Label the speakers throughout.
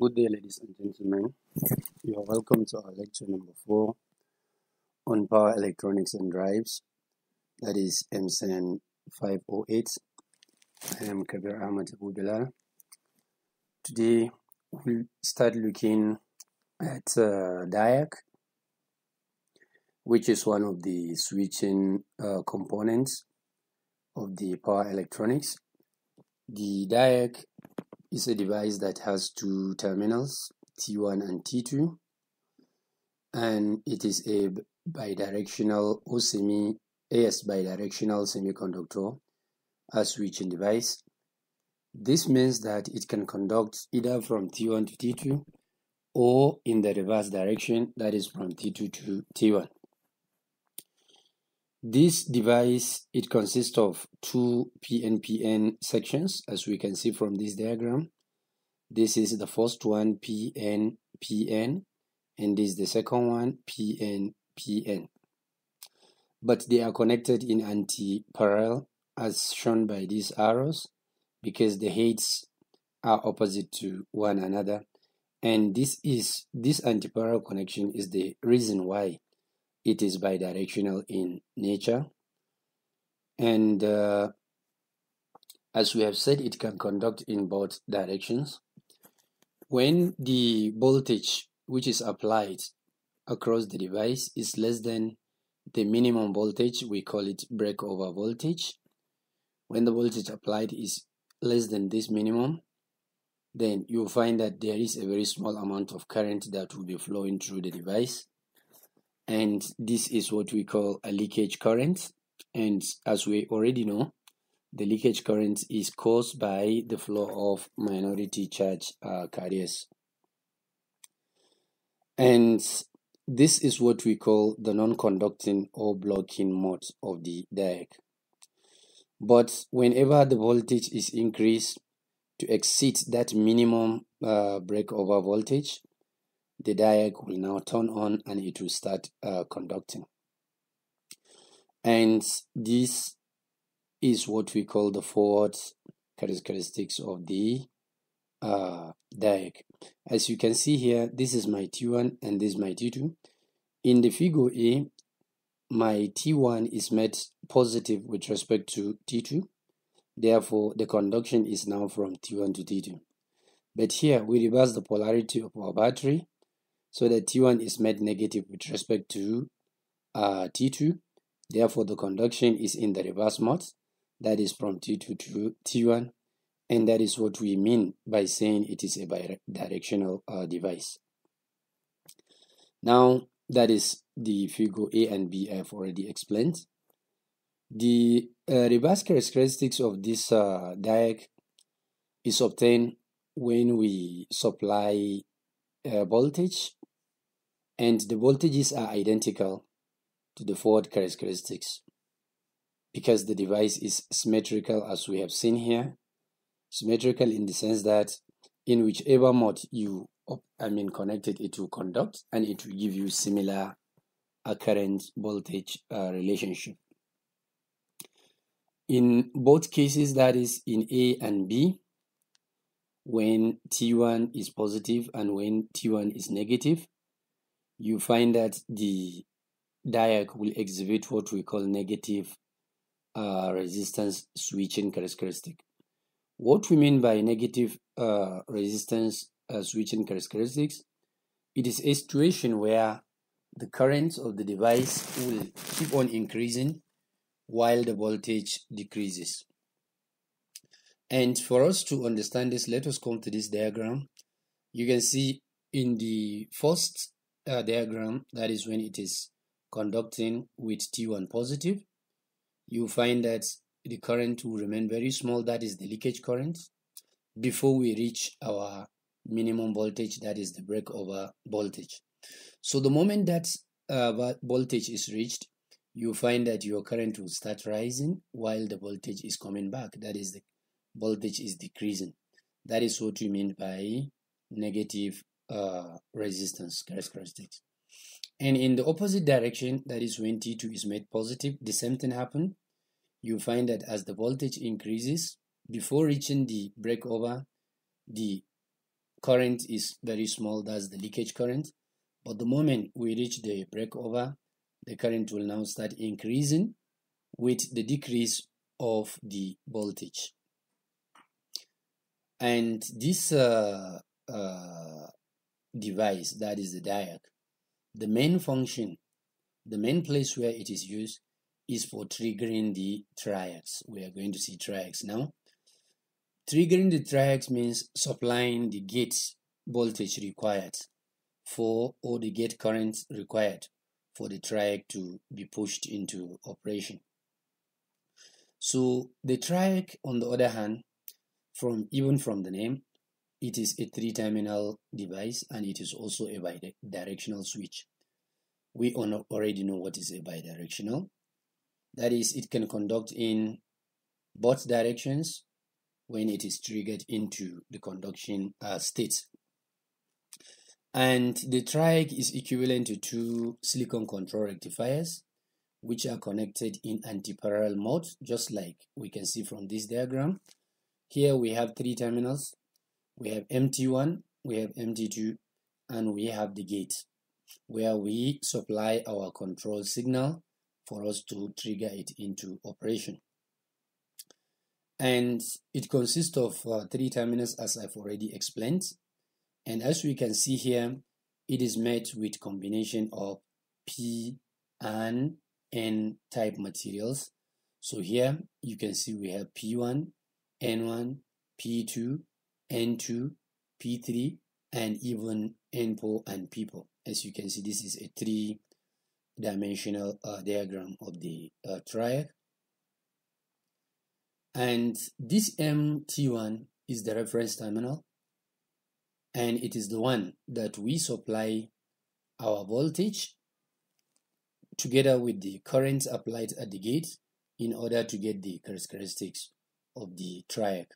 Speaker 1: Good day, ladies and gentlemen. You are welcome to our lecture number four on power electronics and drives. That is MSN 508. I am Kabir Ahmad Abudullah. Today we'll start looking at uh, DIAC, which is one of the switching uh, components of the power electronics. The DIAC is a device that has two terminals, T1 and T2, and it is a bidirectional or semi AS bidirectional semiconductor a switching device. This means that it can conduct either from T1 to T2 or in the reverse direction that is from T2 to T1. This device, it consists of two PNPN sections, as we can see from this diagram. This is the first one, PNPN, and this is the second one, PNPN. But they are connected in anti-parallel, as shown by these arrows, because the heads are opposite to one another. And this is this anti-parallel connection is the reason why it is bidirectional in nature and uh, as we have said it can conduct in both directions when the voltage which is applied across the device is less than the minimum voltage we call it breakover voltage when the voltage applied is less than this minimum then you'll find that there is a very small amount of current that will be flowing through the device and this is what we call a leakage current and as we already know the leakage current is caused by the flow of minority charge uh, carriers and this is what we call the non-conducting or blocking mode of the diode. but whenever the voltage is increased to exceed that minimum uh, breakover voltage the diag will now turn on and it will start uh, conducting. And this is what we call the forward characteristics of the uh, diag. As you can see here, this is my T1 and this is my T2. In the figure A, my T1 is made positive with respect to T2. Therefore, the conduction is now from T1 to T2. But here, we reverse the polarity of our battery so that T1 is made negative with respect to uh, T2. Therefore, the conduction is in the reverse mode, that is from T2 to T1, and that is what we mean by saying it is a bidirectional uh, device. Now, that is the figure A and B I've already explained. The uh, reverse characteristics of this uh, diag is obtained when we supply uh, voltage and the voltages are identical to the forward characteristics because the device is symmetrical as we have seen here symmetrical in the sense that in whichever mode you I mean connected it will conduct and it will give you similar current voltage uh, relationship in both cases that is in A and B when T1 is positive and when T1 is negative you find that the DIAC will exhibit what we call negative uh, resistance switching characteristic. What we mean by negative uh, resistance uh, switching characteristics, it is a situation where the current of the device will keep on increasing while the voltage decreases. And for us to understand this, let us come to this diagram. You can see in the first uh, diagram, that is when it is conducting with T1 positive, you find that the current will remain very small, that is the leakage current, before we reach our minimum voltage, that is the breakover voltage. So the moment that uh, voltage is reached, you find that your current will start rising while the voltage is coming back. That is the voltage is decreasing. That is what you mean by negative uh, resistance characteristics. And in the opposite direction, that is when T2 is made positive, the same thing happens. You find that as the voltage increases, before reaching the breakover, the current is very small, that's the leakage current. But the moment we reach the breakover, the current will now start increasing with the decrease of the voltage. And this uh, uh, device, that is the diac, the main function, the main place where it is used is for triggering the triacs. We are going to see triacs now. Triggering the triacs means supplying the gate voltage required for or the gate current required for the triac to be pushed into operation. So the triac on the other hand, from even from the name, it is a three-terminal device and it is also a bidirectional switch. We already know what is a bidirectional. That is, it can conduct in both directions when it is triggered into the conduction uh, state. And the triac is equivalent to two silicon control rectifiers which are connected in anti-parallel mode just like we can see from this diagram. Here we have three terminals we have MT1, we have MT2, and we have the gate where we supply our control signal for us to trigger it into operation. And it consists of uh, three terminals as I've already explained. And as we can see here, it is made with combination of P and N type materials. So here you can see we have P1, N1, P2, N2, P3, and even N4 and P4. As you can see, this is a three-dimensional uh, diagram of the uh, And this MT1 is the reference terminal, and it is the one that we supply our voltage together with the current applied at the gate in order to get the characteristics of the triac.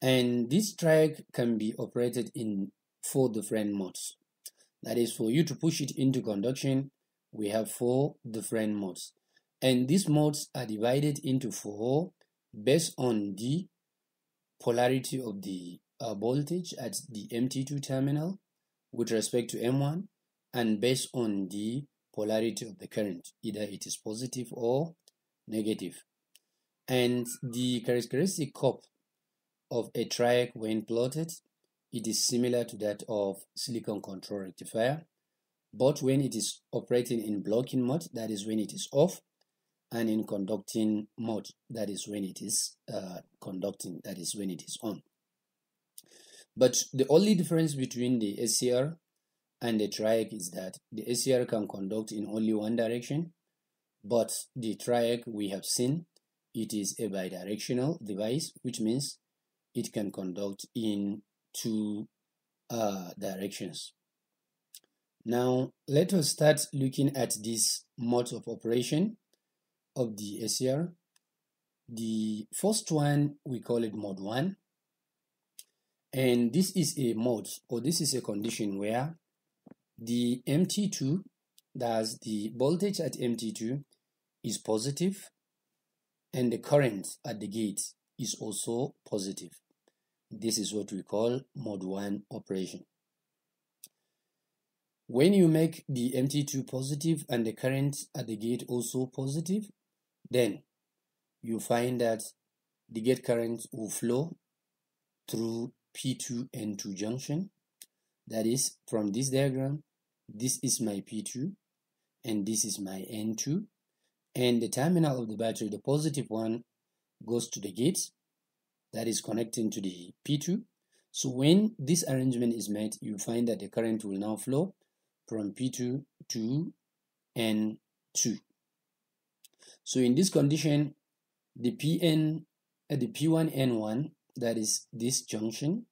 Speaker 1: And this track can be operated in four different modes. That is for you to push it into conduction, we have four different modes. And these modes are divided into four based on the polarity of the uh, voltage at the MT2 terminal with respect to M1 and based on the polarity of the current, either it is positive or negative. And the characteristic curve of a triac when plotted, it is similar to that of silicon control rectifier, but when it is operating in blocking mode, that is when it is off, and in conducting mode, that is when it is uh, conducting, that is when it is on. But the only difference between the SCR and the triac is that the SCR can conduct in only one direction, but the triac we have seen, it is a bidirectional device, which means it can conduct in two uh, directions. Now, let us start looking at this mode of operation of the SCR. The first one, we call it mode 1. And this is a mode, or this is a condition where the MT2, that's the voltage at MT2, is positive and the current at the gate is also positive. This is what we call mod 1 operation. When you make the MT2 positive and the current at the gate also positive, then you find that the gate current will flow through P2 N 2 junction. That is, from this diagram, this is my P2 and this is my N2 and the terminal of the battery, the positive one goes to the gate that is connecting to the P2. So when this arrangement is made, you find that the current will now flow from P2 to N2. So in this condition, the PN, uh, the P1 N1, that is this junction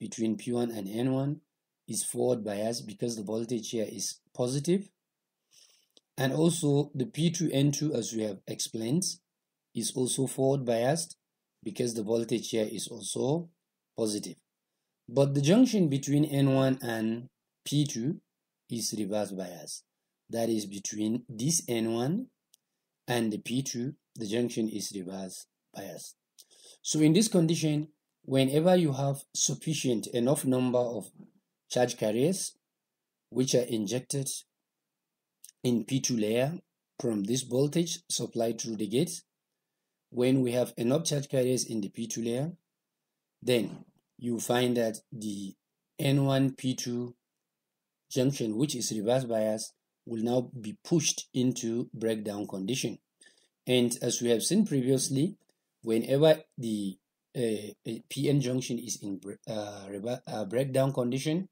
Speaker 1: between P1 and N1, is forward biased because the voltage here is positive. And also the P2 N2, as we have explained, is also forward biased because the voltage here is also positive. But the junction between N1 and P2 is reverse biased. That is between this N1 and the P2, the junction is reverse biased. So in this condition, whenever you have sufficient enough number of charge carriers which are injected in P2 layer from this voltage supplied through the gate, when we have enough charge carriers in the P2 layer, then you find that the N1 P2 junction, which is reverse bias, will now be pushed into breakdown condition. And as we have seen previously, whenever the uh, uh PN junction is in uh, uh, breakdown condition,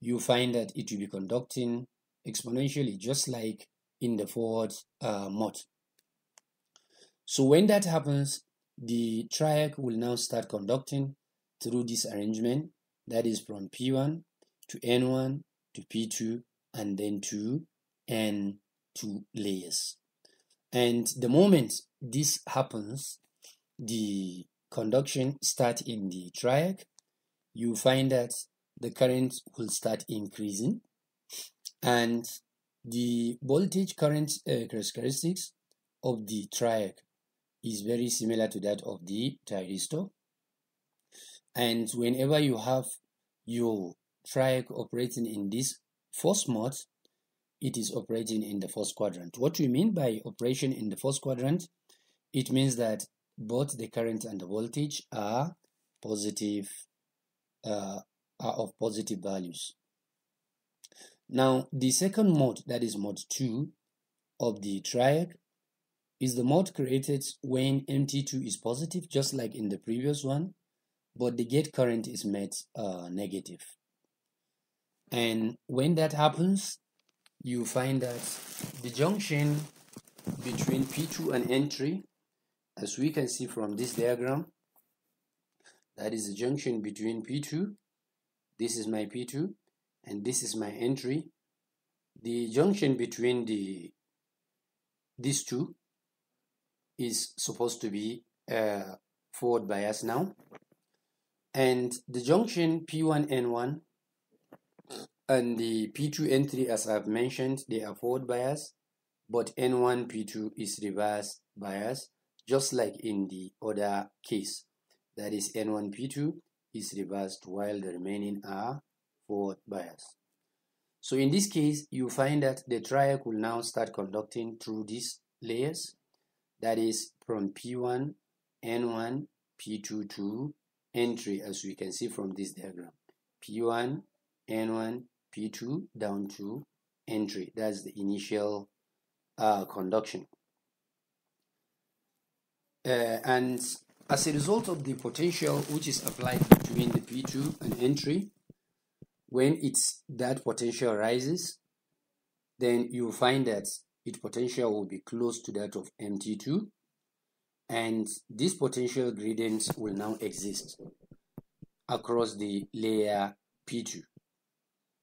Speaker 1: you find that it will be conducting exponentially just like in the forward uh, mode. So when that happens, the triac will now start conducting through this arrangement that is from P1 to N1 to P2 and then to N2 layers. And the moment this happens, the conduction start in the triac, you find that the current will start increasing and the voltage current uh, characteristics of the triac is very similar to that of the thyristor. And whenever you have your triac operating in this first mode, it is operating in the first quadrant. What we mean by operation in the first quadrant, it means that both the current and the voltage are positive, uh, are of positive values. Now, the second mode, that is mode 2 of the triac, is the mode created when MT2 is positive, just like in the previous one, but the gate current is made uh, negative. And when that happens, you find that the junction between P2 and N3, as we can see from this diagram, that is the junction between P2, this is my P2, and this is my N3. The junction between the these two is supposed to be a uh, forward bias now. And the junction P1N1 and the P2N3, as I've mentioned, they are forward bias, but N1, P2 is reverse bias, just like in the other case. That is N1, P2 is reversed while the remaining are forward bias. So in this case, you find that the triac will now start conducting through these layers that is from P1, N1, P2 to N3 as we can see from this diagram. P1, N1, P2 down to N3. That's the initial uh, conduction. Uh, and as a result of the potential which is applied between the P2 and N3, when it's that potential rises, then you find that its potential will be close to that of MT2 and this potential gradient will now exist across the layer P2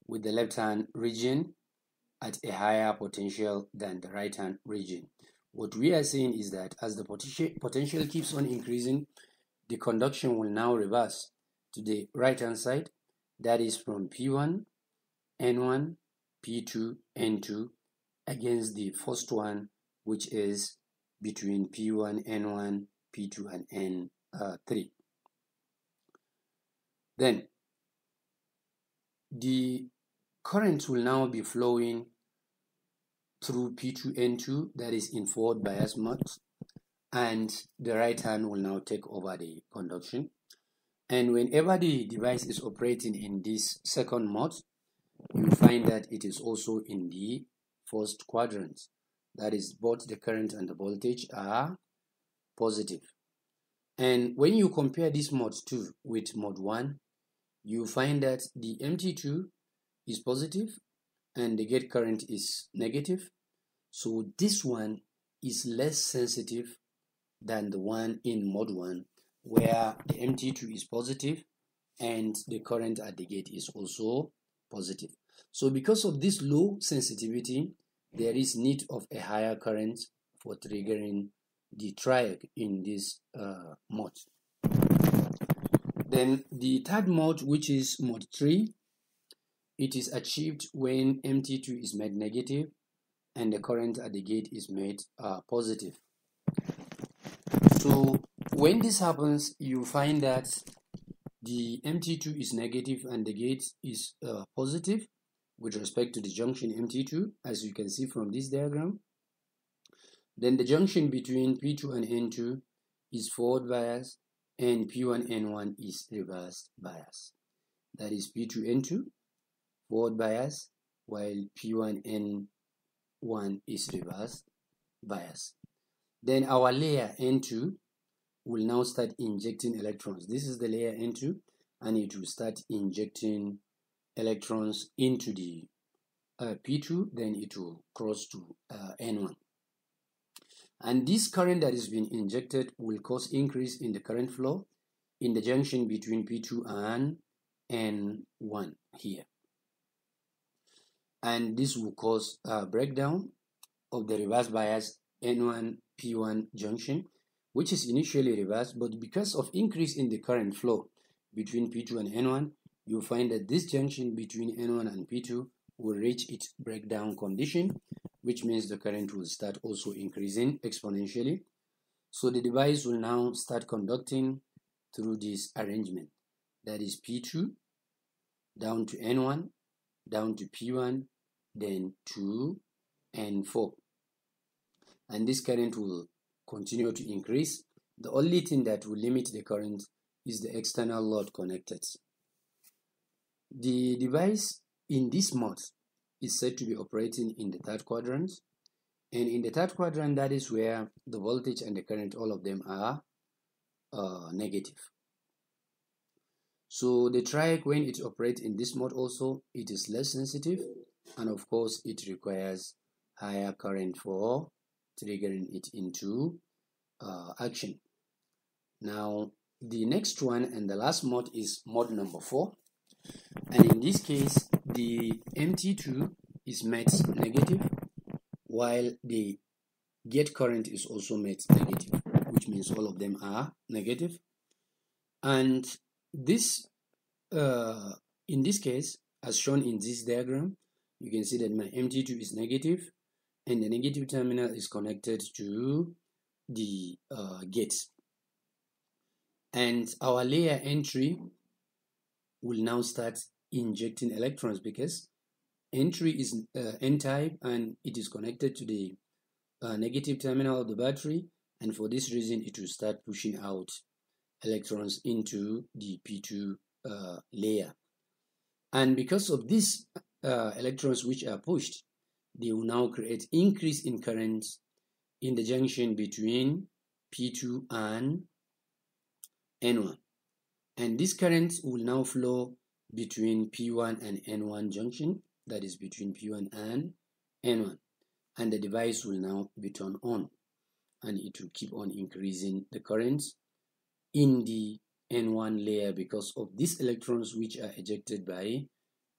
Speaker 1: with the left hand region at a higher potential than the right hand region. What we are saying is that as the potential keeps on increasing, the conduction will now reverse to the right hand side that is from P1, N1, P2, N2 against the first one which is between P1, N1, P2 and N3. Then the current will now be flowing through P2N2 that is in forward bias mode and the right hand will now take over the conduction and whenever the device is operating in this second mode you find that it is also in the first quadrant. That is both the current and the voltage are positive. And when you compare this mode 2 with mode 1, you find that the MT2 is positive and the gate current is negative. So this one is less sensitive than the one in mode 1 where the MT2 is positive and the current at the gate is also positive. So because of this low sensitivity, there is need of a higher current for triggering the triac in this uh, mode. Then the third mode, which is mode 3, it is achieved when MT2 is made negative and the current at the gate is made uh, positive. So when this happens, you find that the MT2 is negative and the gate is uh, positive with respect to the junction MT2, as you can see from this diagram. Then the junction between P2 and N2 is forward bias and P1 N1 is reverse bias. That is P2 N2 forward bias while P1 N1 is reverse bias. Then our layer N2 will now start injecting electrons. This is the layer N2 and it will start injecting electrons into the uh, P2, then it will cross to uh, N1. And this current that is being injected will cause increase in the current flow in the junction between P2 and N1 here. And this will cause a breakdown of the reverse bias N1 P1 junction, which is initially reversed, but because of increase in the current flow between P2 and N1, you'll find that this junction between N1 and P2 will reach its breakdown condition, which means the current will start also increasing exponentially. So the device will now start conducting through this arrangement. That is P2 down to N1, down to P1, then to N4. And this current will continue to increase. The only thing that will limit the current is the external load connected. The device in this mode is said to be operating in the third quadrant and in the third quadrant that is where the voltage and the current all of them are uh, negative so the triac when it operates in this mode also it is less sensitive and of course it requires higher current for triggering it into uh, action now the next one and the last mode is mode number four and in this case the MT2 is made negative while the gate current is also made negative which means all of them are negative and this uh, in this case as shown in this diagram you can see that my MT2 is negative and the negative terminal is connected to the uh, gate and our layer entry will now start injecting electrons because entry is uh, n-type and it is connected to the uh, negative terminal of the battery and for this reason it will start pushing out electrons into the P2 uh, layer and because of these uh, electrons which are pushed they will now create increase in current in the junction between P2 and N1 and these currents will now flow between P1 and N1 junction that is between P1 and N1 and the device will now be turned on and it will keep on increasing the currents in the N1 layer because of these electrons which are ejected by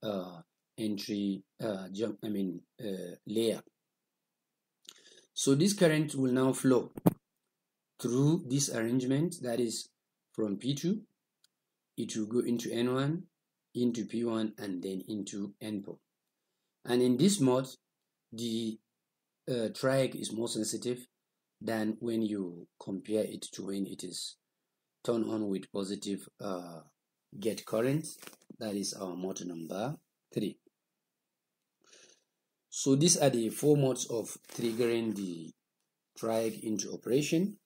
Speaker 1: uh, entry uh, jump, I mean uh, layer. So this current will now flow through this arrangement that is from P2 it will go into N1, into P1, and then into NPO. And in this mode, the uh, triac is more sensitive than when you compare it to when it is turned on with positive uh, gate current. That is our mode number 3. So these are the four modes of triggering the triac into operation.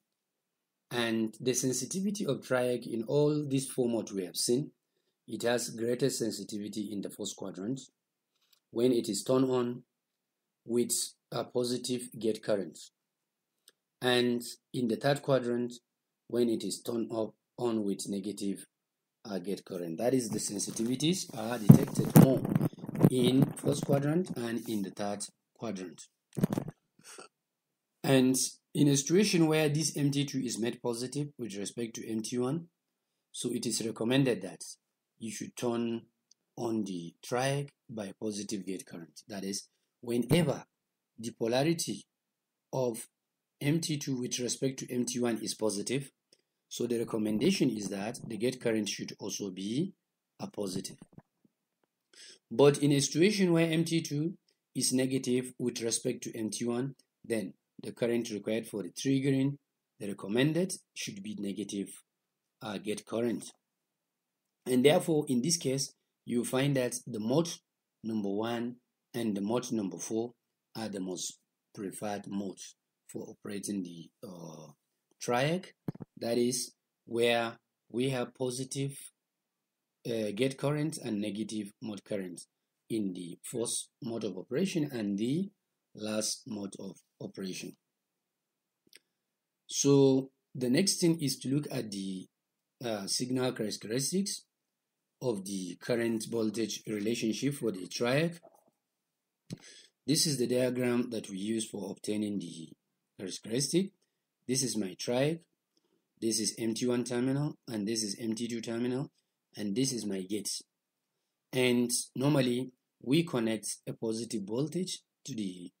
Speaker 1: And the sensitivity of triac in all these formats we have seen, it has greater sensitivity in the first quadrant when it is turned on with a positive gate current. And in the third quadrant when it is turned up on with negative uh, gate current. That is the sensitivities are detected more in first quadrant and in the third quadrant. And in a situation where this MT2 is made positive with respect to MT1, so it is recommended that you should turn on the triac by a positive gate current. That is, whenever the polarity of MT2 with respect to MT1 is positive, so the recommendation is that the gate current should also be a positive. But in a situation where MT2 is negative with respect to MT1, then the current required for the triggering the recommended should be negative uh, get current and therefore in this case you find that the mode number one and the mode number four are the most preferred modes for operating the uh, triac that is where we have positive uh, gate current and negative mode current in the first mode of operation and the last mode of operation. So the next thing is to look at the uh, signal characteristics of the current voltage relationship for the triac. This is the diagram that we use for obtaining the characteristic. This is my triac. this is MT1 terminal, and this is MT2 terminal, and this is my gate. And normally, we connect a positive voltage to the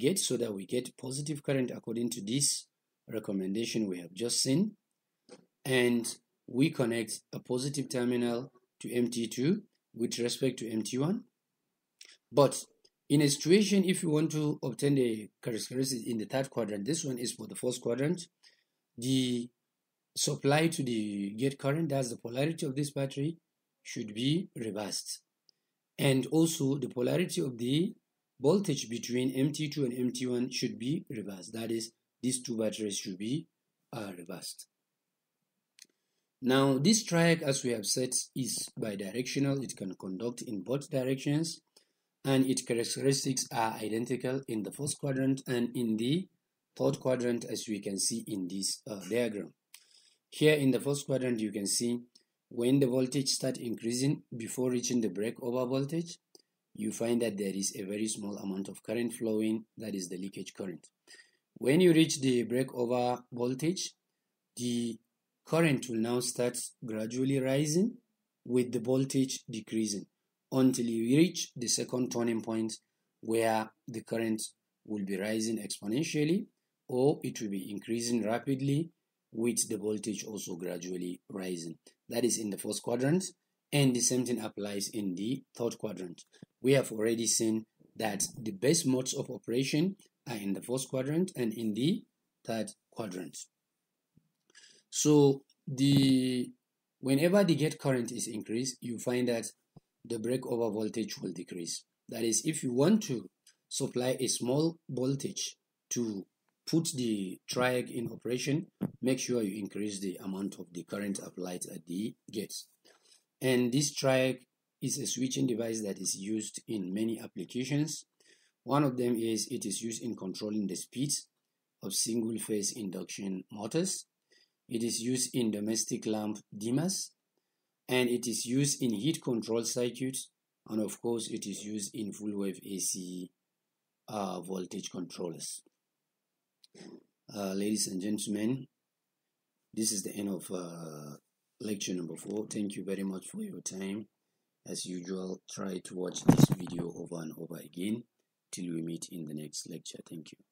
Speaker 1: Get so that we get positive current according to this recommendation we have just seen. And we connect a positive terminal to MT2 with respect to MT1. But in a situation, if you want to obtain the characteristics in the third quadrant, this one is for the fourth quadrant, the supply to the gate current, that's the polarity of this battery, should be reversed. And also the polarity of the voltage between MT2 and MT1 should be reversed. That is, these two batteries should be uh, reversed. Now, this track, as we have said, is bidirectional. It can conduct in both directions, and its characteristics are identical in the first quadrant and in the third quadrant, as we can see in this uh, diagram. Here in the first quadrant, you can see when the voltage starts increasing before reaching the breakover voltage, you find that there is a very small amount of current flowing, that is the leakage current. When you reach the breakover voltage, the current will now start gradually rising with the voltage decreasing until you reach the second turning point where the current will be rising exponentially or it will be increasing rapidly with the voltage also gradually rising. That is in the first quadrant. And the same thing applies in the third quadrant. We have already seen that the best modes of operation are in the first quadrant and in the third quadrant. So the whenever the gate current is increased, you find that the breakover voltage will decrease. That is, if you want to supply a small voltage to put the triac in operation, make sure you increase the amount of the current applied at the gates. And this triac is a switching device that is used in many applications. One of them is it is used in controlling the speeds of single phase induction motors. It is used in domestic lamp dimmers and it is used in heat control circuits and of course it is used in full wave AC uh, voltage controllers. Uh, ladies and gentlemen, this is the end of uh, lecture number four thank you very much for your time as usual try to watch this video over and over again till we meet in the next lecture thank you